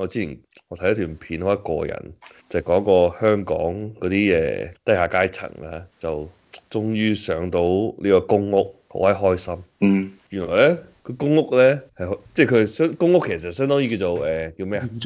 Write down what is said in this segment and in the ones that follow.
我之前我睇咗段片，我一個人，就講個香港嗰啲嘢低下階層啊，就終於上到呢個公屋，好閪開心。嗯。原來咧，個公屋咧係即係佢相公屋其實相當於叫做誒、呃、叫咩廉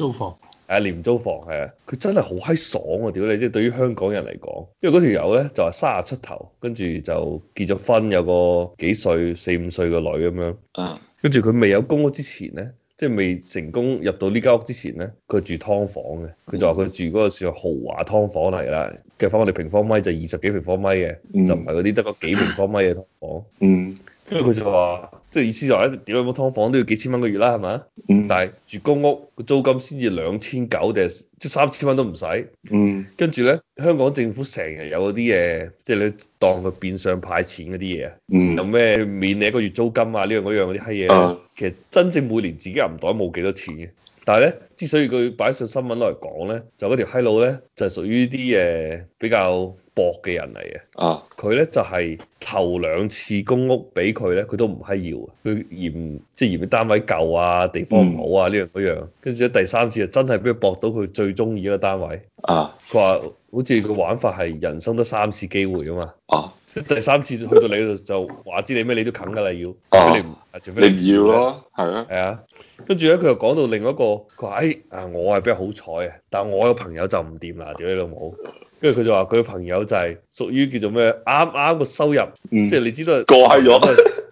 租房係，佢真係好閪爽啊！屌你，啊，即係對於香港人嚟講，因為嗰條友咧就話三十出頭，跟住就結咗婚，有個幾歲四五歲個女咁樣。啊。跟住佢未有公屋之前咧。即係未成功入到呢間屋之前咧，佢住劏房嘅，佢就話佢住嗰個算豪華劏房嚟啦，計翻我哋平方米就二十、嗯、就幾平方米嘅，就唔係嗰啲得個幾平方米嘅劏房。嗯嗯。跟住佢就話，即係意思就話咧，點樣劏房都要幾千蚊個月啦，係咪？嗯。但係住公屋租金先至兩千九定係即係三千蚊都唔使。嗯。跟住咧，香港政府成日有嗰啲嘢，即係你當佢變相派錢嗰啲嘢啊。嗯。有咩免你一個月租金啊？呢樣嗰樣嗰啲閪嘢，啊、其實真正每年自己入袋冇幾多錢嘅。但係咧，之所以佢擺上新聞落嚟講咧，就嗰條閪佬咧，就係屬於啲誒比較搏嘅人嚟嘅。啊！佢咧就係頭兩次公屋俾佢咧，佢都唔係要，佢嫌即係嫌啲單位舊啊、地方唔好啊呢、嗯、樣嗰樣。跟住咧，第三次啊，真係俾佢搏到佢最中意嘅單位。啊！佢話好似個玩法係人生得三次機會㗎嘛。啊！第三次去到你度就話知你咩，你都肯㗎啦，要除非你唔除非你唔要咯，係啊，係啊。跟住咧，佢又講到另一個，佢話：誒、哎、啊，我係比較好彩啊，但係我個朋友就唔掂啦，屌你老母！跟住佢就話：佢個朋友就係屬於叫做咩啱啱個收入，即係你知道過閪咗，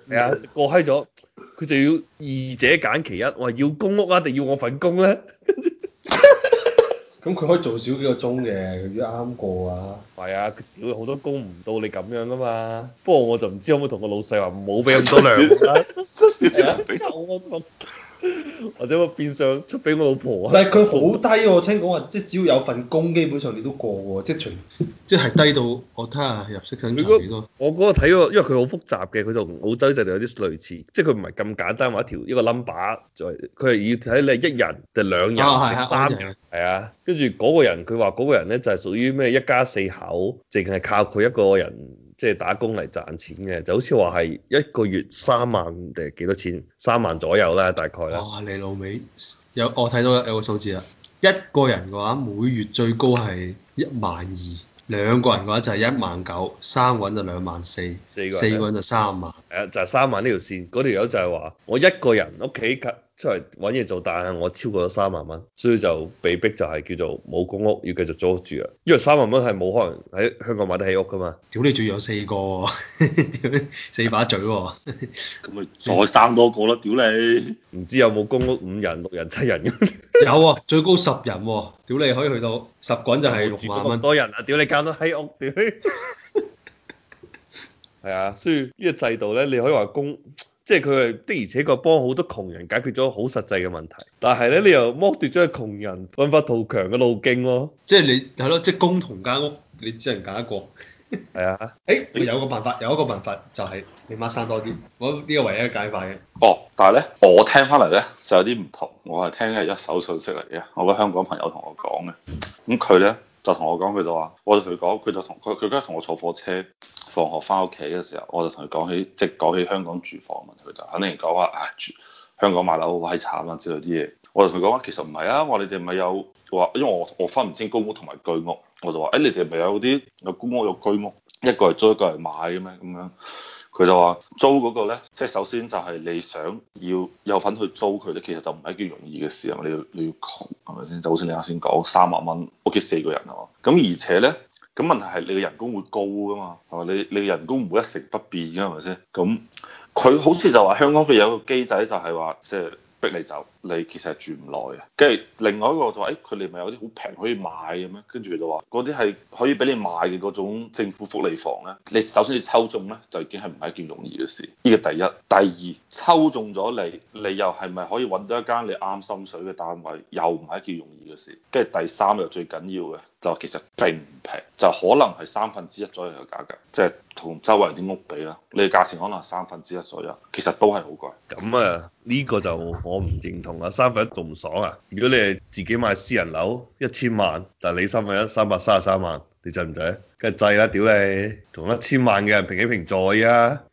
係啊、嗯，過閪咗，佢 就要二者揀其一，我話要公屋啊，定要我份工咧？跟住咁 佢 可以做少幾個鐘嘅，如果啱啱過啊，係啊，屌好多工唔到你咁樣噶嘛。不過我就唔知可唔可以同個老細話唔好俾咁多糧啦。 或者我變相出俾我老婆啊！但係佢好低、啊， 我聽講話，即係只要有份工，基本上你都過喎。即係從即係低到我睇下、啊、入息診斷我嗰個睇嗰個，因為佢好複雜嘅，佢同澳洲就有啲類似，即係佢唔係咁簡單話一條一個 number 就係佢，係要睇你一人定兩人、哦、三人係啊。跟住嗰個人，佢話嗰個人咧就係屬於咩一家四口，淨係靠佢一個人。即係打工嚟賺錢嘅，就好似話係一個月三萬定係幾多錢？三萬左右啦，大概咧。哇！你老味，有我睇到個有個數字啦，一個人嘅話每月最高係一萬二，兩個人嘅話就係一萬九，三個人就兩萬四，四個人就三萬。係啊，就係三萬呢條線，嗰條友就係話我一個人屋企。出嚟揾嘢做，但係我超過咗三萬蚊，所以就被逼就係叫做冇公屋，要繼續租住啊。因為三萬蚊係冇可能喺香港買得起屋噶嘛。屌你仲有四個，屌 四把嘴、啊，咁咪再生多個咯，屌你！唔知有冇公屋五人六人七人咁？有啊，最高十人喎、哦。 屌你可以去到十滾就係六萬，有冇多人啊，屌你間到閪屋，屌！係 啊，所以呢個制度咧，你可以話公。即係佢係的，而且確幫好多窮人解決咗好實際嘅問題。但係咧，你又剝奪咗窮人奮發圖強嘅路徑咯。即係你係咯，即係工同間屋，你只能揀一個。係 啊的。誒、欸，我有個辦法，有一個辦法就係、是、你孖生多啲，我呢個唯一嘅解法嘅。哦，但係咧，我聽翻嚟咧就有啲唔同，我係聽係一手信息嚟嘅，我嘅香港朋友同我講嘅。咁佢咧。就同我講，佢就話，我就同佢講，佢就同佢佢嗰日同我坐火車放學翻屋企嘅時候，我就同佢講起，即講起香港住房問題，佢就肯定講話、哎，住香港買樓好閪慘啦之類啲嘢。我就同佢講話，其實唔係啊，我你哋咪有話，因為我我分唔清公屋同埋居屋，我就話，誒、哎、你哋咪有啲有公屋有居屋，一個係租一個係買嘅咩咁樣？佢就話租嗰個咧，即係首先就係你想要有份去租佢呢，其實就唔係一件容易嘅事啊！你要你要窮係咪先？就好似你啱先講三萬蚊，屋企四個人啊嘛？咁而且呢，咁問題係你嘅人工會高㗎嘛？係嘛？你嘅人工唔會一成不變㗎係咪先？咁佢好似就話香港佢有個機制，就係話，即係逼你走。你其實係住唔耐嘅，跟住另外一個就話，誒、欸，佢哋咪有啲好平可以買嘅咩？跟住就話嗰啲係可以俾你買嘅嗰種政府福利房咧。你首先你抽中咧，就已經係唔係一件容易嘅事。呢個第一，第二抽中咗你，你又係咪可以搵到一間你啱心水嘅單位？又唔係一件容易嘅事。跟住第三又最緊要嘅，就其實並唔平，就可能係三分之一左右嘅價格，即係同周圍啲屋比啦，你嘅價錢可能三分之一左右，其實都係好貴。咁啊，呢、這個就我唔認同。同啊三分一仲唔爽啊！如果你係自己買私人樓一千萬，但你三分一三百三十三萬，你制唔制啊？梗係制啦，屌你同一千萬嘅人平起平坐呀、啊！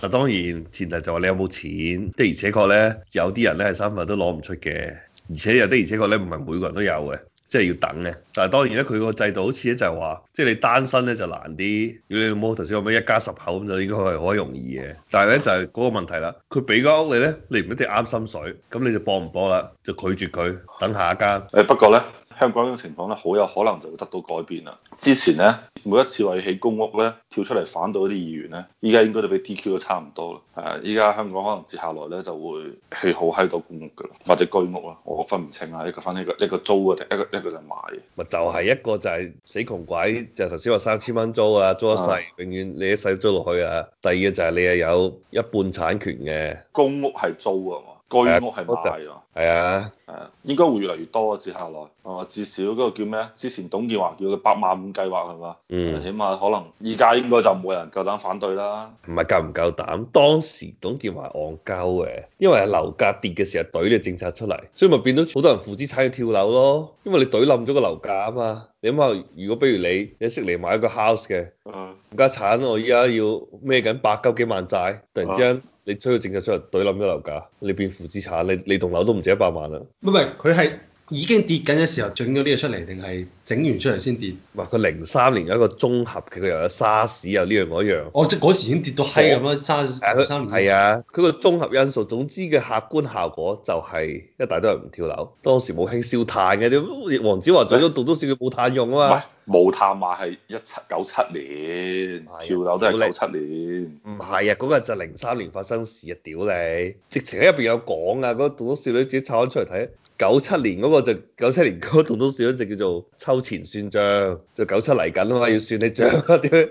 但當然前提就係你有冇錢，的而且確咧有啲人咧係三分一都攞唔出嘅，而且又的而且確咧唔係每個人都有嘅。即係要等嘅，但係當然咧，佢個制度好似咧就係話，即係你單身咧就難啲，如果你冇頭先咁樣一家十口咁就應該係好容易嘅。但係咧就係嗰個問題啦，佢俾間屋你咧，你唔一定啱心水，咁你就博唔博啦？就拒絕佢，等下一間。誒不過咧。香港呢種情況咧，好有可能就會得到改變啦。之前咧，每一次話要起公屋咧，跳出嚟反對啲議員咧，依家應該都俾 DQ 都差唔多啦。誒，依家香港可能接下來咧就會起好閪多公屋嘅，或者居屋啦，我分唔清啊，一個分一個一個租嘅定一個一個就買。咪就係一個就係死窮鬼，就頭先話三千蚊租啊，租一世，永遠你一世租落去啊。第二個就係你係有一半產權嘅公屋係租啊。居屋係賣喎，係啊，係啊，應該會越嚟越多啊！接下來，哦，至少嗰個叫咩啊？之前董建華叫佢八萬五計劃係嘛？嗯，起碼可能而家應該就冇人夠膽反對啦。唔係夠唔夠膽？當時董建華戇鳩嘅，因為樓價跌嘅時候懟啲政策出嚟，所以咪變到好多人負資產去跳樓咯。因為你懟冧咗個樓價啊嘛。你諗下，如果比如你你識嚟買一個 house 嘅，啊，家產我依家要孭緊百鳩幾萬債，突然之間。嗯嗯你催佢政策出嚟，懟冧咗樓價。你變負資產，你你棟樓都唔止一百萬啦。唔係？佢係。已經跌緊嘅時候，整咗呢個出嚟，定係整完出嚟先跌？哇、呃！佢零三年有一個綜合嘅，佢又有沙士又呢樣嗰樣。哦，即係嗰時已經跌到閪咁啦，沙係、哦、三啊，佢個年、啊、綜合因素，總之嘅客觀效果就係一大堆人唔跳樓，當時冇興燒炭嘅，啲黃子華在嗰度都笑佢冇炭用啊嘛。冇炭買係一七九七年，哎、呀跳樓都係九七年。唔係啊，嗰、那個就零三年發生事啊！屌你，直情喺入邊有講啊！嗰、那個棟篤少女自己湊翻出嚟睇。九七年嗰個就九七年嗰個總統選舉就叫做抽錢算帳，就九七嚟緊啊嘛，要算你帳啊點樣？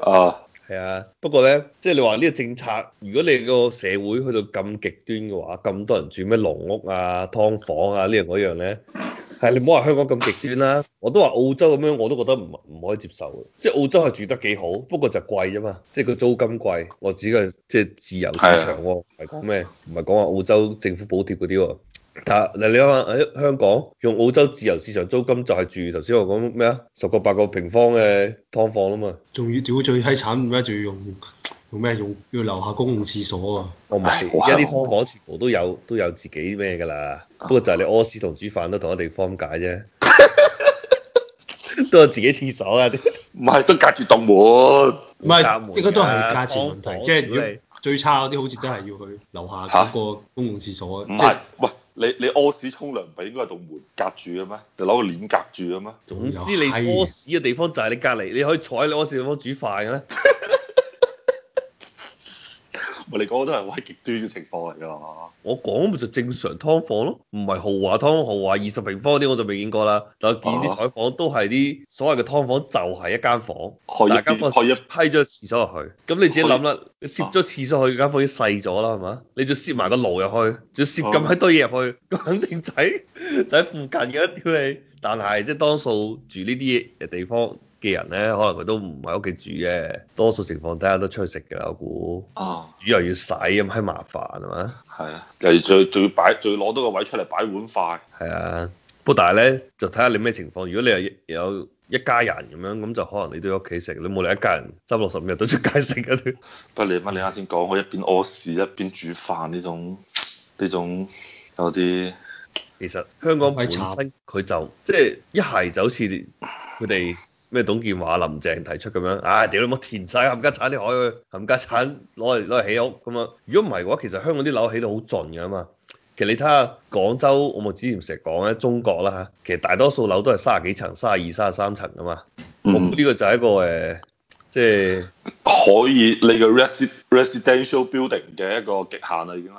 係啊，不過咧，即係你話呢個政策，如果你個社會去到咁極端嘅話，咁多人住咩農屋啊、劏房啊呢樣嗰樣咧，係你唔好話香港咁極端啦，我都話澳洲咁樣我都覺得唔唔可以接受嘅，即係澳洲係住得幾好，不過就貴啫嘛，即係個租金貴，我指嘅即係自由市場喎，啊，唔係講咩，唔係講話澳洲政府補貼嗰啲喎。嗱，你諗下喺香港用澳洲自由市場租金就係住頭先我講咩啊？十個八個平方嘅劏房啦嘛，仲要屌解最慘？點解仲要用用咩？用要樓下公共廁所啊、欸？我唔係一啲劏房全部都有都有自己咩㗎啦，不過就係你屙屎同煮飯都同一地方解啫，都有自己廁所啊？唔係唔係都隔住棟門，唔係應該都係價錢問題，即係劏房，最差嗰啲好似真係要去樓下嗰個公共廁所，即係喂。唔係，唔係你你屙屎沖涼唔係應該係度門隔住嘅咩？就攞個鏈隔住嘅咩？總之你屙屎嘅地方就係你隔離，你可以坐喺你屙屎地方煮飯嘅。 我哋講都係好極端嘅情況嚟㗎嘛，我講咪就正常劏房咯，唔係豪華劏房，豪華二十平方嗰啲我就未見過啦，就見啲採訪都係啲所謂嘅劏房，就係一間房，大家嗰批咗廁所入去，咁你自己諗啦、啊，你攝咗廁所入去間房已經細咗啦，係嘛？你就攝埋個爐入去，就攝咁閪多嘢入去，咁、啊、肯定就就喺、是、附近嘅，一屌你！但係即係多數住呢啲嘅地方。嘅人咧，可能佢都唔喺屋企煮嘅，多數情況底下都出去食嘅，我估。哦、啊。煮又要洗咁閪麻煩係嘛？係啊。就要最仲要擺，攞到個位出嚟擺碗筷。係啊，不過但係咧，就睇下你咩情況。如果你係有一家人咁樣，咁就可能你都喺屋企食。你冇理一家人三六十五日都出街食嘅。不你乜？你啱先講可以一邊屙屎一邊煮飯呢種呢種，種有啲。其實香港本身，佢就即係一係就好似佢哋。咩董建華、林鄭提出咁樣，啊，屌你冇填曬冚家產啲海去，冚家產攞嚟攞嚟起屋咁樣。如果唔係嘅話，其實香港啲樓起到好盡㗎嘛。其實你睇下廣州，我咪之前成日講咧，中國啦嚇，其實大多數樓都係三十幾層、三十二、三十三層㗎嘛。嗯，咁呢個就係一個誒，即係，就係可以你個 res residential building 嘅一個極限啦，已經係。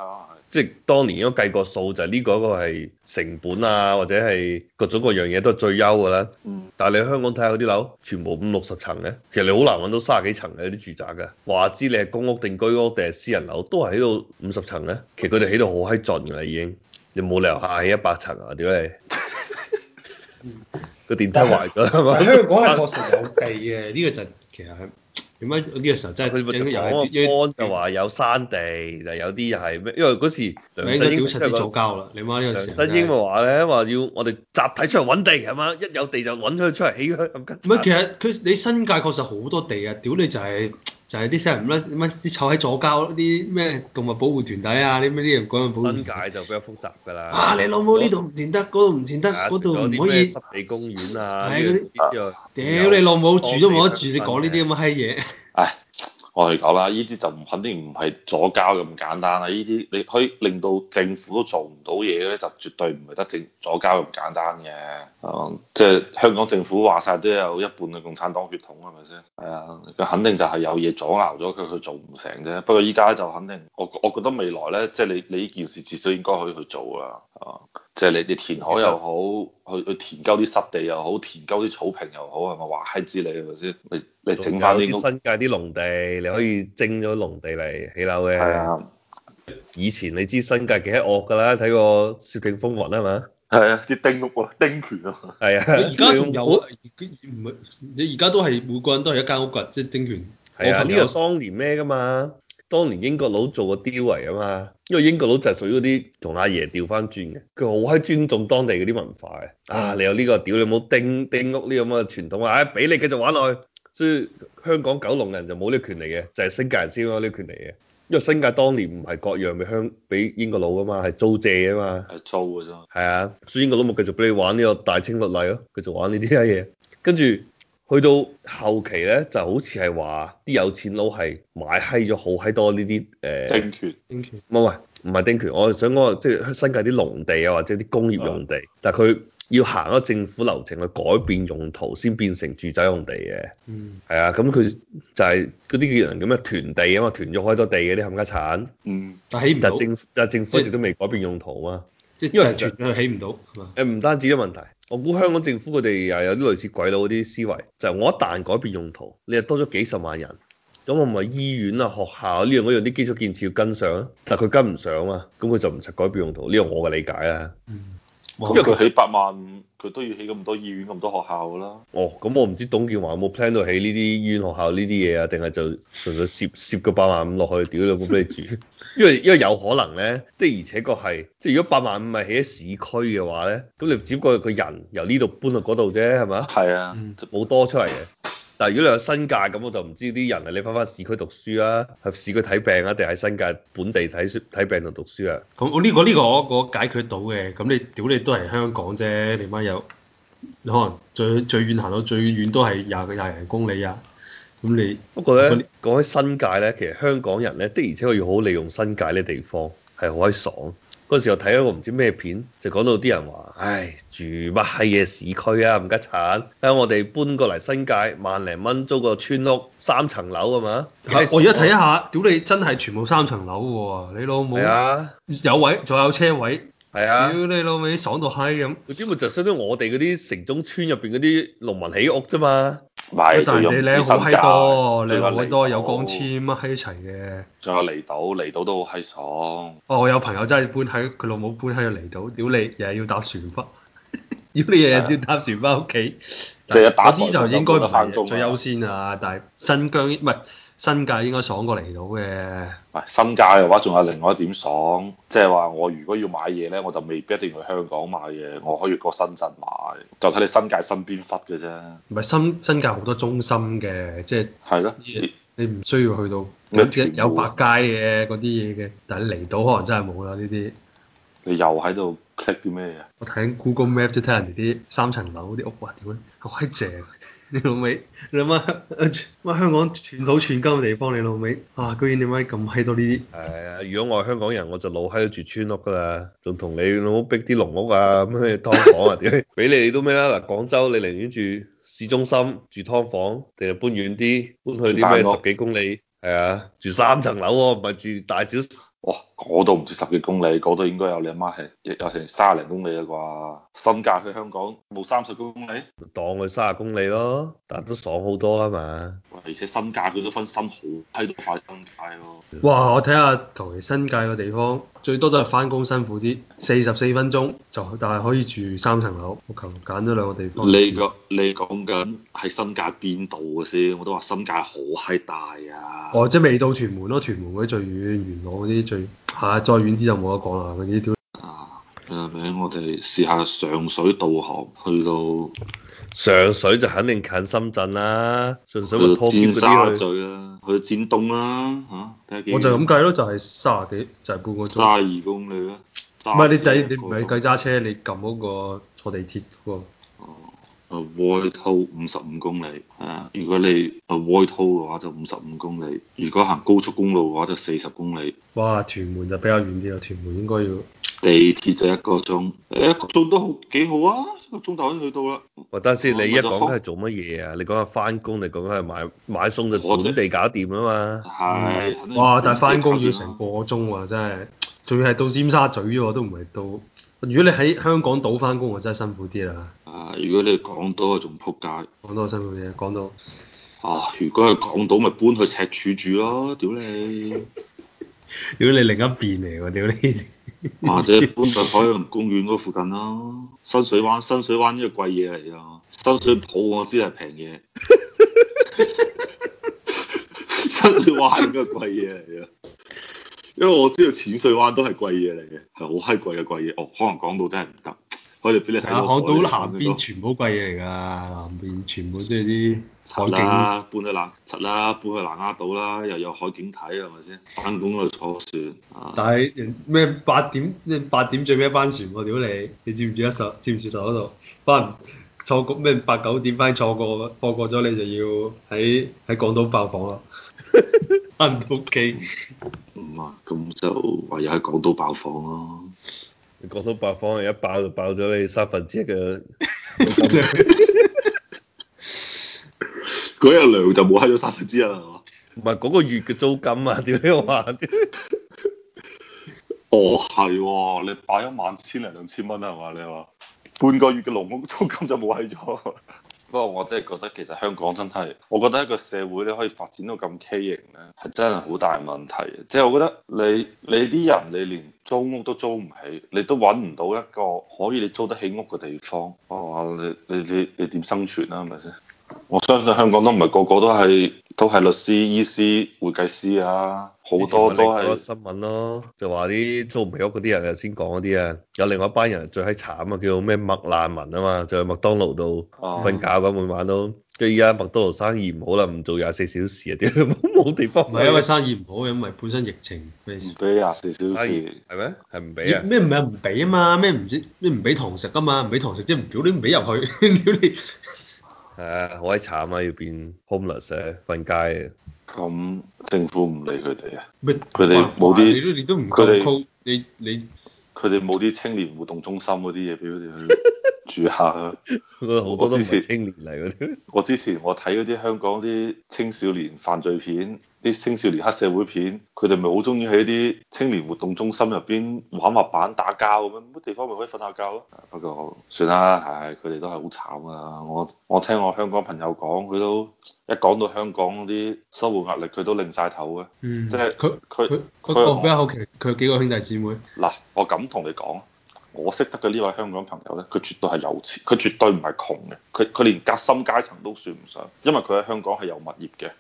即係當年應該計個數，就呢個一個係成本啊，或者係各種各樣嘢都係最優㗎啦。嗯、但係你香港睇下佢啲樓，全部五六十層嘅，其實你好難揾到三十幾層嘅啲住宅，嘅話知你係公屋定居屋定係私人樓，都係喺度五十層嘅。其實佢哋起度好閪盡㗎啦，已經。你冇理由下起一百層啊？點解？個 電梯壞咗係嘛？香港係確實有計嘅，呢但個就其實係。點解呢個時候真係佢冇咗？安安就話有山地，就有啲又係咩？因為嗰時梁振英即係早交啦。梁振英咪話咧，話要我哋集體出嚟搵地，係嘛？一有地就搵出去出嚟起去咁緊。其實佢你新界確實好多地啊，屌你就係、是。就係啲世人唔得乜，啲坐喺左膠啲咩動物保護團體啊，啲咩啲人講緊保護。分界就比較複雜㗎啦。啊！你老母呢度唔掂得，嗰度唔掂得，嗰度唔可以。濕地公園啊，啲屌你老母住都冇得住，你講呢啲咁嘅閪嘢。我哋講啦，呢啲就唔肯定唔係阻交咁簡單啦。呢啲你可以令到政府都做唔到嘢咧，就絕對唔係得政阻交咁簡單嘅，嗯。即係香港政府話晒都有一半嘅共產黨血統，係咪先？係、嗯、啊，佢肯定就係有嘢阻撓咗佢，佢做唔成啫。不過依家就肯定，我我覺得未來咧，即係你你依件事至少應該可以去做啦。啊、嗯！即係你哋填海又好，去去填溝啲濕地又好，填溝啲草坪又好，係咪話係之類係咪先？你你整翻啲新界啲農地，你可以徵咗農地嚟起樓嘅。係啊，以前你知新界幾惡㗎啦，睇個雪景風雲啦，係嘛？係啊，啲丁屋，啊，丁權啊。係啊，而家仲有，唔係你而家都係每個人都係一間屋㗎，即係丁權。係啊，呢個當年咩㗎嘛？當年英國佬做個碉圍啊嘛，因為英國佬就係屬於嗰啲同阿爺調翻轉嘅，佢好閪尊重當地嗰啲文化嘅。啊，你有呢個屌你冇丁丁屋呢咁嘅傳統啊，唉、哎，俾你繼續玩落去。所以香港九龍人就冇呢個權利嘅，就係新界人先有呢個權利嘅。因為新界當年唔係割讓俾香俾英國佬噶嘛，係租借啊嘛，係租噶啫。係啊，所以英國佬冇繼續俾你玩呢個大清律例咯、啊，繼續玩呢啲嘢。跟住。去到後期咧，就好似係話啲有錢佬係買閪咗好閪多呢啲誒。丁權？唔係唔係丁權，我想講即係新界啲農地啊，或者啲工業用地，啊、但係佢要行一個政府流程去改變用途，先變成住宅用地嘅。嗯。係啊，咁佢就係嗰啲叫人咁樣，囤地啊嘛，囤咗好多地嘅啲冚家產。嗯。但起但政但政府一直都未改變用途啊嘛。即係因為囤咗起唔到係嘛？誒，唔單止嘅問題。我估香港政府佢哋又有啲類似鬼佬嗰啲思維，就係我一旦改變用途，你又多咗幾十萬人，咁同埋醫院啊、學校呢樣嗰樣啲基礎建設要跟上啊。但係佢跟唔上啊，咁佢就唔使改變用途，呢個我嘅理解啊。因為佢起八萬五，佢都要起咁多醫院、咁多學校啦。哦，咁我唔知董建華有冇 plan 到起呢啲醫院、學校呢啲嘢啊，定係就純粹蝕蝕個八萬五落去，屌你部俾你住？ 因為因為有可能咧，的而且確係，即係如果八萬五係起喺市區嘅話咧，咁你只不過佢人由呢度搬到嗰度啫，係咪？係啊，冇多出嚟嘅。但係如果你有新界，咁我就唔知啲人係你翻翻市區讀書啊，喺市區睇病啊，定係新界本地睇睇病同讀書啊？咁我呢個呢個我解決到嘅。咁你屌你都係香港啫，你媽有，你可能最最遠行到最遠都係廿個廿零公里啊！咁你不過咧講起新界咧，其實香港人咧的而且確要好好利用新界呢地方，係好閪爽。嗰陣時又睇一個唔知咩片，就講到啲人話，唉，住乜閪嘢市區啊，唔得慘！喺、啊、我哋搬過嚟新界，萬零蚊租個村屋，三層樓啊嘛。我而家睇一下，屌你、啊、真係全部三層樓喎，啊！你老母、啊、有位，仲有車位，係啊！屌你老味，爽到閪咁。嗰啲咪就相當我哋嗰啲城中村入邊嗰啲農民起屋啫嘛。但係你靚好閪多，靚好多，有光纖喺一齊嘅。仲有離島，離島都好閪爽。哦，我有朋友真係搬喺佢老母搬喺個離島，屌你，日日要搭船翻，屌 你日日的要搭船翻屋企。打啲的就應該唔係最優先啊，的但係新疆唔係。新界應該爽過嚟到嘅。唔係新界嘅話，仲有另外一點爽，即係話我如果要買嘢咧，我就未必一定去香港買嘢，我可以過深圳買，就睇你新界身邊忽嘅啫。唔係新新界好多中心嘅，即係係咯，你你唔需要去到有百佳嘅嗰啲嘢嘅，但係你嚟到可能真係冇啦呢啲。你又喺度 check 啲咩啊？我睇 Google Map 都睇人哋啲三層樓啲屋啊，屌咧，好閪正。你老味，你乜乜香港寸土寸金嘅地方，你老味，啊，居然點解咁閪多呢啲？係、哎、如果我係香港人，我就老閪都住村屋㗎啦，仲同你老逼啲農屋啊，咩劏房啊，點？俾你你都咩啦？嗱，廣州你寧願住市中心住劏房，定係搬遠啲，搬去啲咩十幾公里？係啊，住三層樓喎、啊，唔係住大小。哇，嗰度唔止十幾公里，嗰度應該有你阿媽係，有成卅零公里啦啩？新界去香港冇三十公里，當佢卅公里咯。但都爽好多啦嘛。而且新界佢都分新好閪多快新界咯、啊。哇，我睇下求其新界嘅地方，最多都係返工辛苦啲，四十四分鐘就，但係可以住三層樓。我求揀咗兩個地方。你個以你講緊係新界邊度嘅先？我都話新界好閪大啊。哦，即未到屯門咯，屯門嗰啲最遠，元朗啲。係啊，再遠啲就冇得講啦，啲啊，咁我哋試下上水導航去到上水就肯定近深圳啦，純粹話去，去尖沙咀啦、啊，去尖東啦，嚇、啊？看看我就咁計咯，就係卅幾，就係、半個鐘。卅二公里啦、啊。唔係你第你唔係計揸車，你撳嗰個坐地鐵嗰個。哦啊，外濤五十五公里，啊。如果你啊外濤嘅話，就五十五公里；如果行高速公路嘅話，就四十公里。哇，屯門就比較遠啲啊！屯門應該要地鐵就一個鐘，一個鐘都好幾好啊！一個鐘頭都去到啦。我等先，你一講係做乜嘢啊？你講下翻工，你講係買買餸就本地搞掂啊嘛。係、嗯。哇！但係翻工要成個鐘喎，真係。仲要係到尖沙咀喎，都唔係到。如果你喺香港島翻工，我真係辛苦啲啦。啊，如果你講多，仲仆街。講多辛苦啲啊，講到，啊，如果係港島，咪搬去赤柱住咯，屌你！ 如果你另一邊嚟我屌你！ 或者搬去海洋公園嗰附近咯，深水灣，深水灣呢個貴嘢嚟咯，深水埗我知係平嘢。 深水灣呢個貴嘢嚟嘅。因為我知道淺水灣都係貴嘢嚟嘅，係好閪貴嘅貴嘢。哦，可能港島真係唔得，可以俾你睇下。港島是南邊全部好貴嘢嚟㗎，南邊全部即係啲海景。柒啦，搬去南，柒啦，搬去南丫島啦，又有海景睇，係咪先？翻工嗰度坐船，啊，但係人咩八點？你八點最尾一班船喎！屌你，你知唔知？一上？接唔接得上嗰度？翻。錯過咩八九點班錯過，錯過咗你就要喺喺港島爆房啦， 返唔到屋企，唔啊，咁 就唯有喺港島爆房咯。你港島爆房一爆就爆咗你三分之一嘅，嗰日糧就冇慳咗三分之一啦，係嘛？唔係嗰個月嘅租金啊？點樣話？ 哦，係喎、哦，你擺一萬千零兩千蚊啊？係嘛？你話？半個月嘅農屋租金就冇喺咗。 不過我真係覺得其實香港真係，我覺得一個社會咧可以發展到咁畸形咧，係真係好大問題。即係我覺得你你啲人，你連租屋都租唔起，你都揾唔到一個可以你租得起屋嘅地方，我話你你你你點生存啊？係咪先？我相信香港都唔係個個都係都係律師、醫師、會計師啊。好多都係新聞咯，就話啲租唔起屋嗰啲人又先講嗰啲啊，有另外一班人最閪慘啊，叫咩麥難民啊嘛，就喺麥當勞度瞓覺咁、啊、會玩咯。跟住依家麥當勞生意唔好啦，唔做廿四小時啊，屌冇地方。唔係因為生意唔好，因為本身疫情。唔俾廿四小時生意，係咩？係唔俾啊？咩唔係唔俾啊嘛？咩唔知？咩唔俾堂食啊嘛？唔俾堂食即係唔叫你唔俾入去，屌你。係好閪慘啊，要變 homeless 瞓街啊！咁政府唔理佢哋啊？佢哋冇啲，佢哋你們你佢哋冇啲青年活動中心嗰啲嘢俾佢哋去。 住下，好多都係青年嚟啲。我之前我睇嗰啲香港啲青少年犯罪片，啲青少年黑社會片，佢哋咪好中意喺啲青年活動中心入邊玩滑板、打交咁樣，冇地方咪、那個、可以瞓下覺咯。不過算啦，唉，佢哋都係好慘噶。我我聽我香港朋友講，佢都一講到香港啲生活壓力，佢都擰晒頭嘅。嗯、即係佢佢佢我比較好奇佢有幾個兄弟姊妹。嗱，我咁同你講。我識得嘅呢位香港朋友呢，佢絕對係有錢，佢絕對唔係窮嘅，佢佢連夾心階層都算唔上，因為佢喺香港係有物業嘅，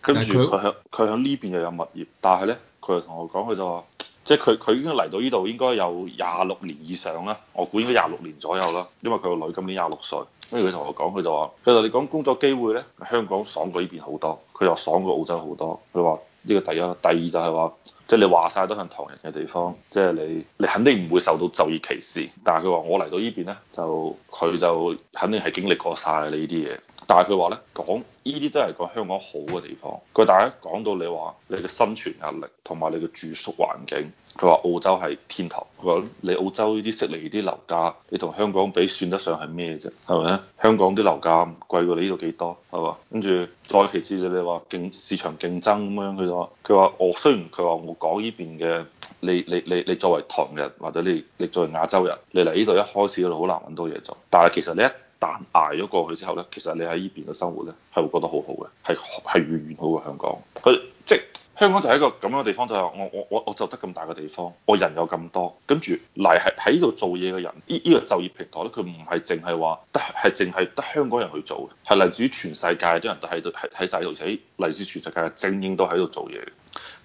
跟住佢響佢響呢邊又有物業，但係呢，佢就同我講，佢就話，即係佢佢已經嚟到呢度應該有廿六年以上啦，我估應該廿六年左右啦，因為佢個女今年廿六歲，跟住佢同我講，佢就話，佢就你講工作機會呢，香港爽過呢邊好多，佢又爽過澳洲好多，佢話呢個第一，第二就係話。即係你話晒都係唐人嘅地方，即係你你肯定唔會受到就業歧視。但係佢話我嚟到呢邊呢，就佢就肯定係經歷過晒你呢啲嘢。但係佢話呢，講呢啲都係講香港好嘅地方。佢大家講到你話你嘅生存壓力同埋你嘅住宿環境，佢話澳洲係天堂。佢話你澳洲呢啲悉尼啲樓價，你同香港比算得上係咩啫？係咪啊？香港啲樓價貴過你呢度幾多係嘛？跟住再其次就你話競市場競爭咁樣，佢就話佢話我雖然佢話我。講呢邊嘅，你你你你作為唐人，或者你你作為亞洲人，你嚟呢度一開始嗰度好難搵到嘢做，但係其實你一旦捱咗過去之後咧，其實你喺呢邊嘅生活咧係會覺得好好嘅，係係遠遠好過香港。佢即香港就係一個咁樣嘅地方，就係我我我我就得咁大嘅地方，我人有咁多，跟住嚟喺喺度做嘢嘅人，呢、呢、依個就業平台咧，佢唔係淨係話得係淨係得香港人去做，係嚟自於全世界啲人都喺度喺喺曬度，而且嚟自全世界精英都喺度做嘢嘅，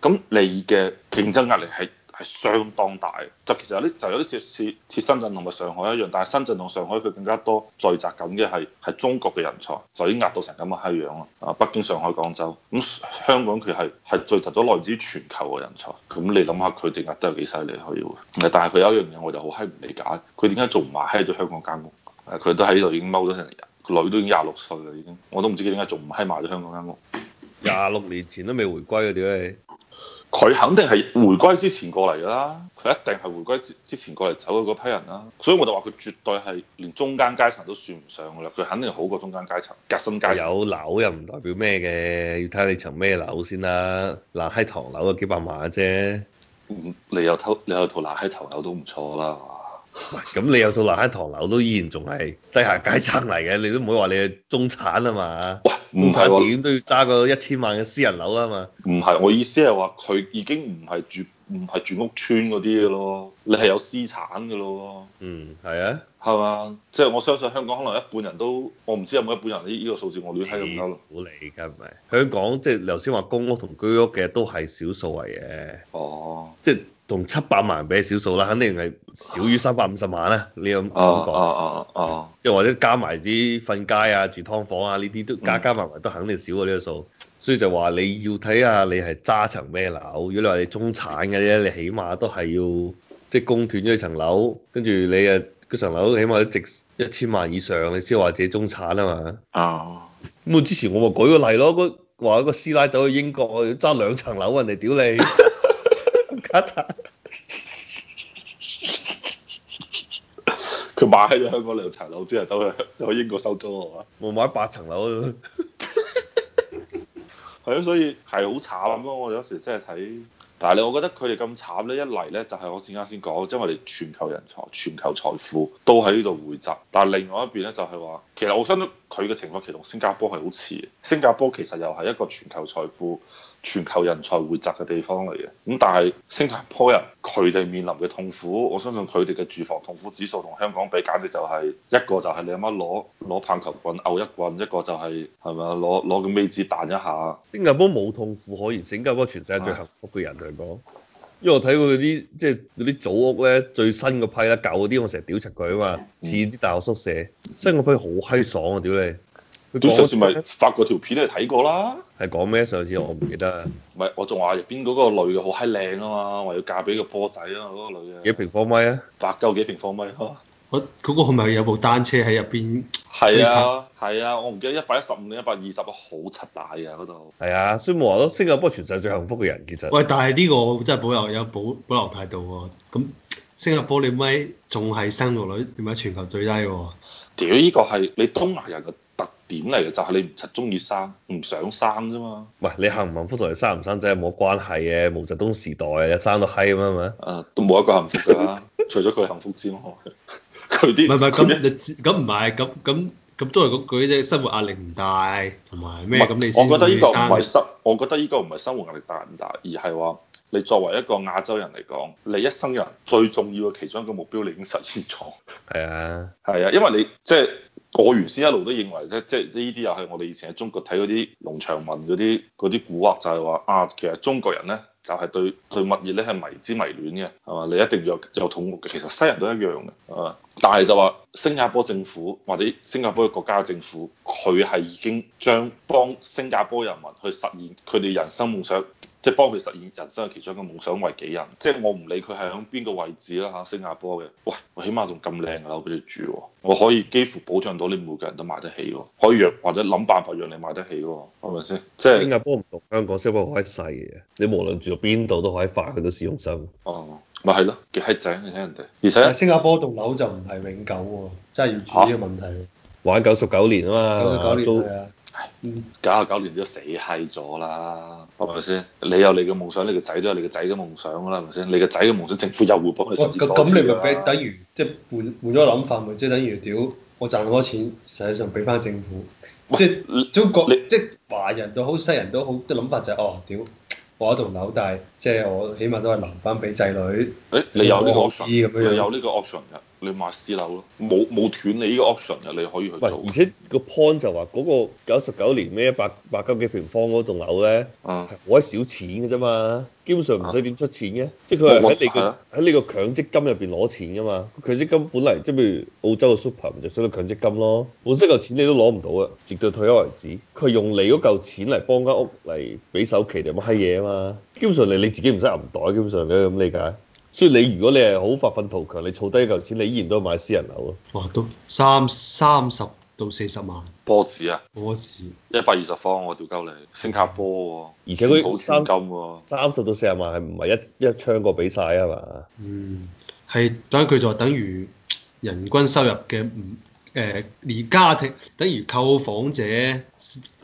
咁你嘅競爭壓力係，係相當大，就其實有啲就有啲似似似深圳同埋上海一樣，但係深圳同上海佢更加多聚集緊嘅係係中國嘅人才，就已經壓到成咁嘅閪樣啦、啊。啊，北京、上海、廣州，咁、嗯、香港佢係係聚集咗來自於全球嘅人才，咁、嗯、你諗下佢哋壓得有幾犀利可以？誒，但係佢有一樣嘢我就好閪唔理解，佢點解做唔埋喺咗香港間屋？佢、啊、都喺度已經踎咗成日，佢女都已經廿六歲啦，已經，我都唔知佢點解做唔埋埋咗香港間屋。廿六年前都未回歸啊，屌你！佢肯定係回歸之前過嚟㗎啦，佢一定係回歸之前過嚟走嘅嗰批人啦，所以我就話佢絕對係連中間階層都算唔上㗎啦，佢肯定好過中間階層、夾心階層。有樓又唔代表咩嘅，要睇你層咩樓先啦。嗱喺唐樓啊，幾百萬啫，你有套你有套嗱喺唐樓都唔錯啦。咁你有套留喺唐樓都依然仲係低下階層嚟嘅，你都唔會話你係中產啊嘛，中產點都要揸個一千萬嘅私人樓啊嘛。唔係，我意思係話佢已經唔係住唔係住屋村嗰啲咯，你係有私產嘅咯。嗯，係啊，係嘛？即係我相信香港可能一半人都，我唔知有冇一半人呢？呢個數字我亂閪咁講咯。少數嚟㗎，唔係。香港即係頭先話公屋同居屋嘅都係少數嚟嘅。哦。即係。同七百萬比少數啦，肯定係少於三百五十萬啦。呢樣咁講，即係、oh, oh, oh, oh. 或者加埋啲瞓街啊、住劏房啊呢啲都加加埋埋都肯定少過呢個數。所以就話你要睇下你係揸層咩樓。如果你話你中產嘅啫，你起碼都係要即係供斷咗一層樓，跟住你啊嗰層樓起碼都值一千萬以上，你先話自己中產啊嘛。哦。咁我之前我咪舉個例咯，嗰話一個師奶走去英國，要揸兩層樓，人哋屌你。 佢 買咗香港兩層樓之後，走去走去英國收租啊嘛，我買八層樓。係啊，所以係好慘咯。我有時真係睇，但係你，我覺得佢哋咁慘咧，一嚟咧就係我先啱先講，因為全球人才、全球財富都喺呢度匯集。嗱，另外一邊咧就係話，其實我相信佢嘅情況其實同新加坡係好似，新加坡其實又係一個全球財富。全球人才匯集嘅地方嚟嘅，咁但係新加坡人佢哋面臨嘅痛苦，我相信佢哋嘅住房痛苦指數同香港比，簡直就係一個就係你阿媽攞攞棒球棍毆一棍，一個就係係咪啊攞攞個尾子彈一下。新加坡冇痛苦可言，醒加坡全世界最幸福嘅人嚟講，因為我睇過嗰啲即係嗰啲祖屋咧，最新嘅批啦，舊嗰啲我成日屌柒佢啊嘛，似啲大學宿舍。新批好閪爽啊，屌你！佢上次咪發過條片嚟睇過啦。係講咩上次我唔記得。唔係，我仲話入邊嗰個女嘅好閪靚啊嘛，話要嫁俾個波仔啊嘛，嗰、嗰個女嘅。幾平方米啊？百九幾平方米呵、啊。我嗰個係咪有部單車喺入邊？係啊，係啊,啊，我唔記得一百一十五定一百二十啊，好闊大啊嗰度。係啊，所以無話新加坡全世最幸福嘅人其實。喂，但係呢個真係保留有保有保,保留態度喎、啊。咁新加坡你咪仲係生育率？點解全球最低㗎？屌！呢個係你東亞人嘅特點嚟嘅，就係、是、你唔實中意生，唔想生啫嘛。唔係，你幸唔幸福同你生唔生仔係冇關係嘅，毛澤東時代又生到閪咁樣咪？啊，都冇一個幸福啊， 除咗佢幸福之外，佢啲唔係唔係咁，咁唔係咁咁。咁都係講講啲生活壓力唔大，同埋咩咁你，你我覺得呢個唔係生，我覺得呢個唔係生活壓力大唔大，而係話。你作為一個亞洲人嚟講，你一生人最重要嘅其中一個目標，你已經實現咗。係啊，係 啊，因為你即係我原先一路都認為咧，即係呢啲又係我哋以前喺中國睇嗰啲農場文嗰啲啲古惑就，就係話啊，其實中國人呢，就係、係、對對物業呢係迷之迷戀嘅，係嘛？你一定要有土木嘅，其實西人都一樣嘅，但係就話新加坡政府或者新加坡嘅國家政府，佢係已經將幫新加坡人民去實現佢哋人生夢想。即係幫佢實現人生嘅其中一個夢想為己任。即係我唔理佢係響邊個位置啦嚇，新加坡嘅，喂，我起碼仲咁靚嘅樓俾你住，我可以幾乎保障到你每個人都買得起，可以讓或者諗辦法讓你買得起，係咪先？即係新加坡唔同香港，新加坡好閪細嘅，你無論住到邊度都可以發佢都使用生哦，咪係咯，幾閪正你睇人哋，而且新加坡棟樓就唔係永久喎，真係要注意呢個問題、啊。玩九十九年啊嘛，九十九年租。啊。嗯，搞下搞掂都死嗨咗啦，係咪先？你有你嘅夢想，你個仔都有你嘅仔嘅夢想㗎啦，係咪先？你個仔嘅夢想，政府又會幫你咁、哦、你咪俾，等於即係換換咗諗法咪，即係等於屌，我賺咁多錢，實際上俾翻政府，喂即係中國，你即係華人都好，好，西人都好，啲諗法就係、是、哦，屌你。哦我一棟樓，但係即係我起碼都係留翻俾仔女。誒、欸，你有呢個 option，咁樣你有呢個 option 嘅，你買私樓咯，冇冇斷你呢個 option 嘅，你可以去做。而且個 point 就話嗰、嗰個九十九年咩一百百幾平方嗰棟樓咧，係好、嗯、少錢嘅啫嘛。基本上唔使點出錢嘅，即係佢係喺你個喺你個強積金入邊攞錢㗎嘛。強積金本嚟即係譬如澳洲嘅 super，就使於強積金咯。本身嚿錢你都攞唔到啊，直到退休為止。佢用你嗰嚿錢嚟幫間屋嚟俾首期就乜閪嘢啊嘛。基本上你你自己唔使揞袋，基本上你可以咁理解。所以你如果你係好發奮圖強，你儲低嚿錢，你依然都係買私人樓啊。哇都三三十，到四十萬波子啊，波子一百二十方我屌鳩你，新加坡喎、啊，而且佢三金喎，三十到四十、啊、到萬係唔係一一槍過俾曬啊嘛？嗯，係，等佢就等於人均收入嘅五誒，連、呃、家庭等於購房者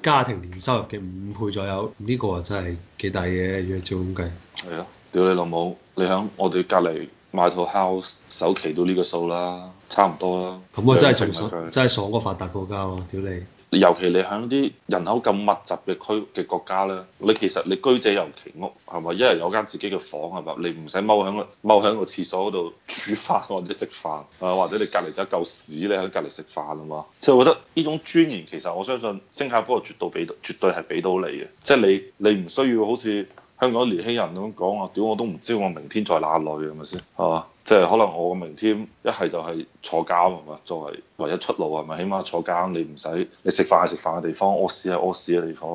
家庭年收入嘅五倍左右，呢、這個啊真係幾大嘅，如照咁計。係啊，屌你老母！你喺我哋隔籬。買套 house 首期都呢個數啦，差唔多啦。咁啊、嗯，真係純爽，真係爽過發達國家喎、啊！屌你。尤其你喺啲人口咁密集嘅區嘅國家咧，你其實你居者有其屋係咪？一人有一間自己嘅房係嘛？你唔使踎喺個踎喺個廁所嗰度煮飯或者食飯啊，或者你隔離就一嚿屎，你喺隔離食飯啊嘛。即係我覺得呢種尊嚴，其實我相信新加坡絕對俾，絕對係俾到你嘅。即係你你唔需要好似。香港年輕人咁講啊，屌我都唔知我明天在哪裏。係咪先？係嘛？即係可能我個明天一係就係坐監，係嘛？作為唯一出路，係咪？起碼坐監你唔使，你食飯係食飯嘅地方，屙屎係屙屎嘅地方，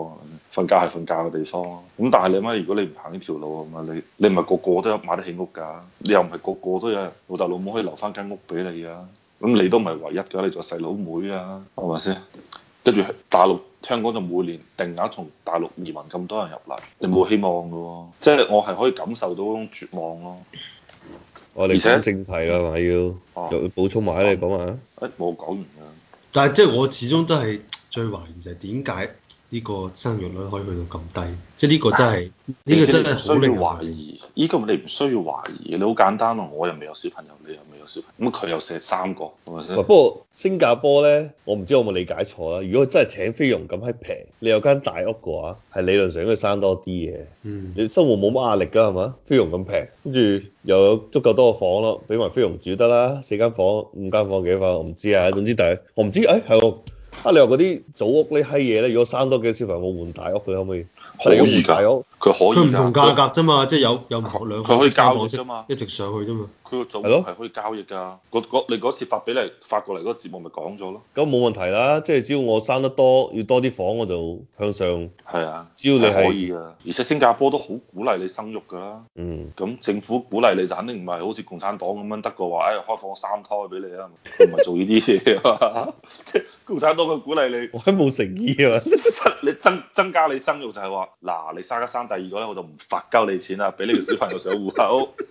瞓覺係瞓覺嘅地方。咁但係你媽如果你唔行呢條路係嘛，你你唔係個個都有買得起屋㗎？你又唔係個個都有老豆老母可以留翻間屋俾你啊？咁你都唔係唯一㗎，你做細佬妹啊？係咪先？跟住大陸，香港就每年定額從大陸移民咁多人入嚟，你冇希望嘅喎，即係我係可以感受到嗰種絕望咯。且我哋講正題啦，係咪要？哦。要補充埋、啊、你講啊。誒、欸，冇講完啦。但係即係我始終都係。最懷疑就係點解呢個生育率可以去到咁低，即係呢個真係呢、啊、個真係好令人懷疑。呢、呢個你唔需要懷疑，你好簡單咯。我又未有小朋友，你又未有小朋友，咁佢又生三個，係咪先？不過新加坡咧，我唔知我有冇理解錯啦。如果真係請菲傭咁係平，你有間大屋嘅話，係理論上應該生多啲嘅。嗯，你生活冇乜壓力㗎係嘛？菲傭咁平，跟住又有足夠多個房咯，俾埋菲傭住得啦。四間房、五間房、幾房我唔知啊。總之第係我唔知，誒、哎、係啊！你話嗰啲組屋呢啲嘢咧，如果生多幾個小朋友換大屋，佢可唔可以？可以大、啊、屋，佢可以、啊。佢唔同價格啫嘛，即係有有唔同兩。佢可以交先啫嘛，一直上去啫嘛。係咯，可以交易㗎。的你嗰次發俾你發過嚟嗰個節目咪講咗咯。咁冇問題啦，即係只要我生得多，要多啲房我就向上。係啊，只要你可以啊。而且新加坡都好鼓勵你生育㗎啦。嗯。咁政府鼓勵你就肯定唔係好似共產黨咁樣得個話，哎開放三胎俾你啊，唔係做呢啲嘢啊。即係 共產黨佢鼓勵你，我覺得冇誠意啊。 你增增加你生育就係話，嗱你生一生第二個咧，我就唔發交你錢啦，俾你個小朋友上戶口。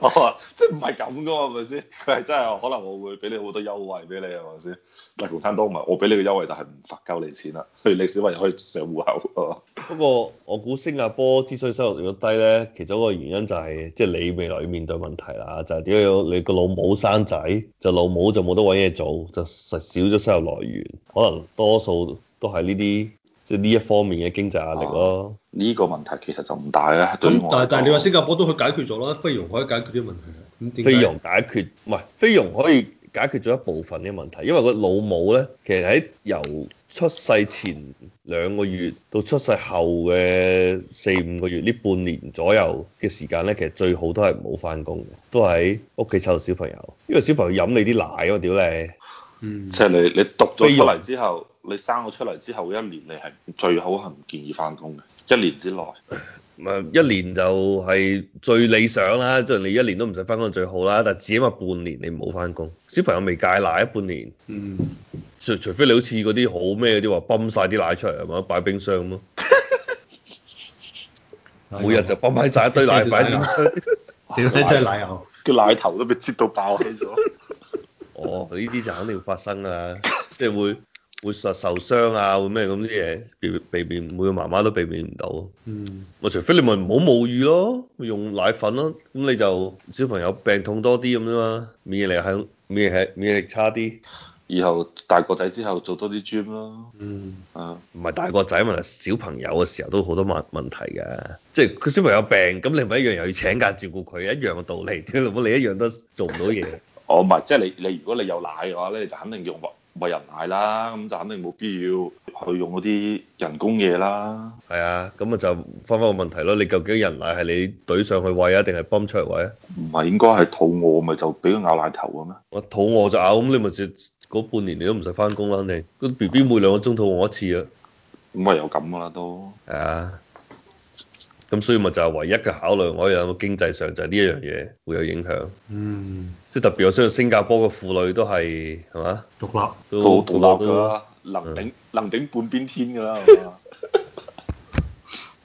我、 哦、即係唔係咁噶喎，係咪先？佢係真係可能我會俾你好多優惠俾你，係咪先？但係共產黨唔係我俾你嘅優惠就係唔罰交你錢啦，所以你小朋友可以上戶口。不 過我估新加坡之所以收入如果低咧，其中一個原因就係即係你未來要面對問題啦，就點解有你個老母子生仔就老母就冇得揾嘢做，就實少咗收入來源，可能多數都係呢啲。即係呢一方面嘅經濟壓力咯、啊，呢、呢個問題其實就唔大嘅。咁但係但係你話新加坡都去解決咗啦，菲傭可以解決啲問題啊？菲傭解決唔係菲傭可以解決咗一部分啲問題，因為個老母咧，其實喺由出世前兩個月到出世後嘅四五個月呢半年左右嘅時間咧，其實最好都係唔好翻工，都喺屋企湊小朋友，因為小朋友飲你啲奶喎，屌、嗯、你，即係你你讀咗出嚟之後。你生咗出嚟之後一年，你係最好係唔建議翻工嘅。一年之內，唔係一年就係最理想啦，即係你一年都唔使翻工最好啦。但係至起碼半年你唔好翻工，小朋友未戒奶，半年。嗯。除非你好似嗰啲好咩嗰啲話，泵晒啲奶出嚟係嘛，擺冰箱咯。每日就泵埋曬一堆奶擺冰箱。屌你真係奶牛，叫奶頭都俾擠到爆起咗。哦，呢啲就肯定發生啦，即係會。會受受傷啊，會咩咁啲嘢，避避免每個媽媽都避免唔到。嗯。我除非你咪唔好母乳咯，用奶粉咯，咁你就小朋友病痛多啲咁啫嘛，免疫力響，免疫力免疫力差啲。然後大個仔之後做多啲 gym 咯。嗯啊。唔係大個仔，咪小朋友嘅時候都好多問問題嘅，即係佢小朋友病，咁你咪一樣又要請假照顧佢，一樣嘅道理。屌，我你一樣都做唔到嘢。 哦，唔係，即係你你，你，如你，你如果你有奶嘅話咧，你就肯定用。餵人奶啦，咁就肯定冇必要去用嗰啲人工嘢啦。係啊，咁啊就翻返個問題咯。你究竟人奶係你對上去餵啊，定係泵出嚟餵啊？唔係應該係肚餓咪就俾佢咬奶頭嘅咩？我肚餓就咬，咁你咪就嗰半年你都唔使翻工啦，肯定。個 B B 每兩個鐘肚餓一次啊，咁咪有咁噶啦都。係啊。咁所以咪就係唯一嘅考慮，我又有個經濟上就係呢一樣嘢會有影響，嗯，即係特別我相信新加坡嘅婦女都係係嘛，獨立辣辣都好獨立㗎啦，能頂能頂半邊天㗎啦